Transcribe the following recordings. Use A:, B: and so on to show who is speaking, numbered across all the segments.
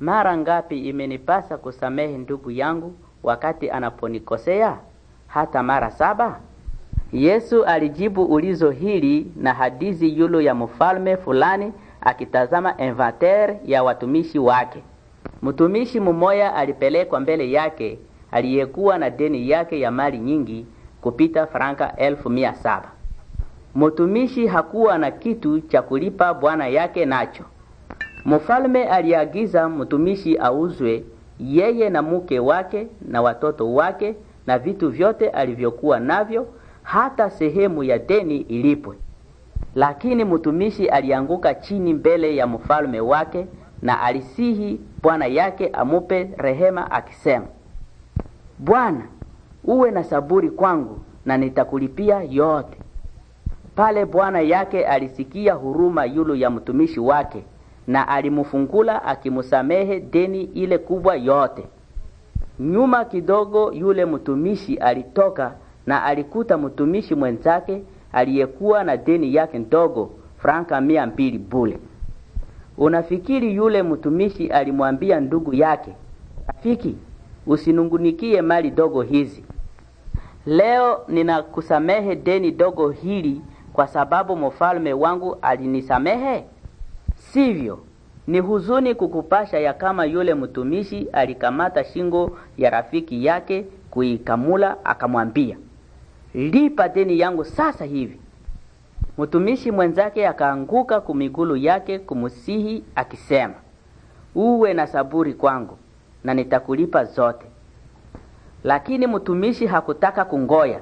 A: Mara ngapi imenipasa kusamehe ndugu yangu wakati anaponikosea? Hata mara saba? Yesu alijibu ulizo hili na hadithi yulo ya mfalme fulani akitazama inventaire ya watumishi wake. Mtumishi mmoja alipelekwa mbele yake aliyekuwa na deni yake ya mali nyingi kupita franka elfu mia saba. Mtumishi hakuwa na kitu cha kulipa bwana yake nacho. Mfalme aliagiza mtumishi auzwe yeye na mke wake na watoto wake na vitu vyote alivyokuwa navyo, hata sehemu ya deni ilipwe. Lakini mtumishi alianguka chini mbele ya mfalme wake na alisihi bwana yake amupe rehema akisema, Bwana, uwe na saburi kwangu na nitakulipia yote. Pale bwana yake alisikia huruma yulu ya mtumishi wake na alimfungula akimsamehe deni ile kubwa yote. Nyuma kidogo, yule mtumishi alitoka na alikuta mtumishi mwenzake aliyekuwa na deni yake ndogo, franka mia mbili bule. Unafikiri yule mtumishi alimwambia ndugu yake, rafiki, usinungunikie mali dogo hizi, leo ninakusamehe deni dogo hili kwa sababu mfalme wangu alinisamehe? sivyo, ni huzuni kukupasha ya kama yule mtumishi alikamata shingo ya rafiki yake kuikamula, akamwambia lipa deni yangu sasa hivi. Mtumishi mwenzake akaanguka kumigulu yake kumusihi akisema, uwe na saburi kwangu na nitakulipa zote. Lakini mtumishi hakutaka kungoya,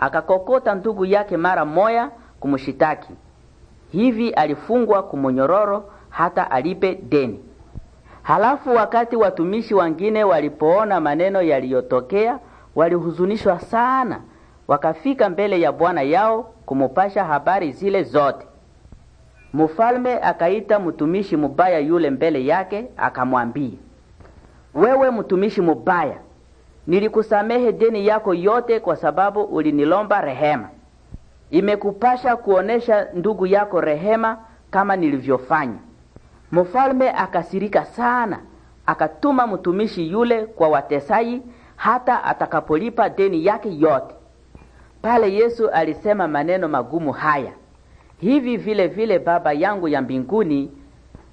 A: akakokota ndugu yake mara moya kumshitaki. Hivi alifungwa kumonyororo hata alipe deni. Halafu wakati watumishi wengine walipoona maneno yaliyotokea, walihuzunishwa sana, wakafika mbele ya bwana yao kumupasha habari zile zote. Mfalme akaita mtumishi mubaya yule mbele yake, akamwambia, wewe mtumishi mubaya, nilikusamehe deni yako yote kwa sababu ulinilomba rehema imekupasha kuonesha ndugu yako rehema kama nilivyofanya. Mfalme akasirika sana, akatuma mtumishi yule kwa watesai hata atakapolipa deni yake yote. Pale Yesu alisema maneno magumu haya: hivi vile vile Baba yangu ya mbinguni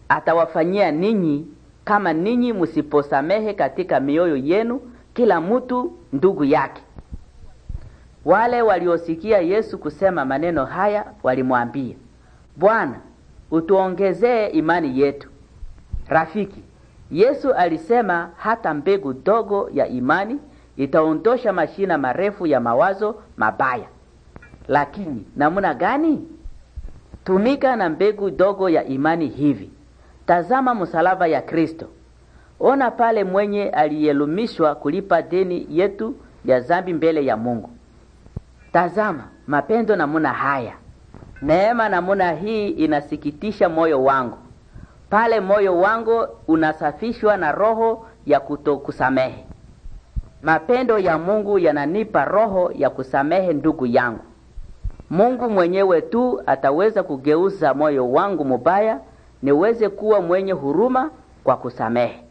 A: atawafanyia ninyi kama ninyi msiposamehe katika mioyo yenu kila mtu ndugu yake. Wale waliosikia Yesu kusema maneno haya walimwambia, Bwana, utuongezee imani yetu. Rafiki, Yesu alisema hata mbegu dogo ya imani itaondosha mashina marefu ya mawazo mabaya. Lakini namna gani? Tumika na mbegu dogo ya imani hivi. Tazama msalaba ya Kristo. Ona pale mwenye aliyelumishwa kulipa deni yetu ya zambi mbele ya Mungu. Tazama, mapendo namuna haya, neema namuna hii inasikitisha moyo wangu, pale moyo wangu unasafishwa na roho ya kutokusamehe. Mapendo ya Mungu yananipa roho ya kusamehe ndugu yangu. Mungu mwenyewe tu ataweza kugeuza moyo wangu mubaya niweze kuwa mwenye huruma kwa kusamehe.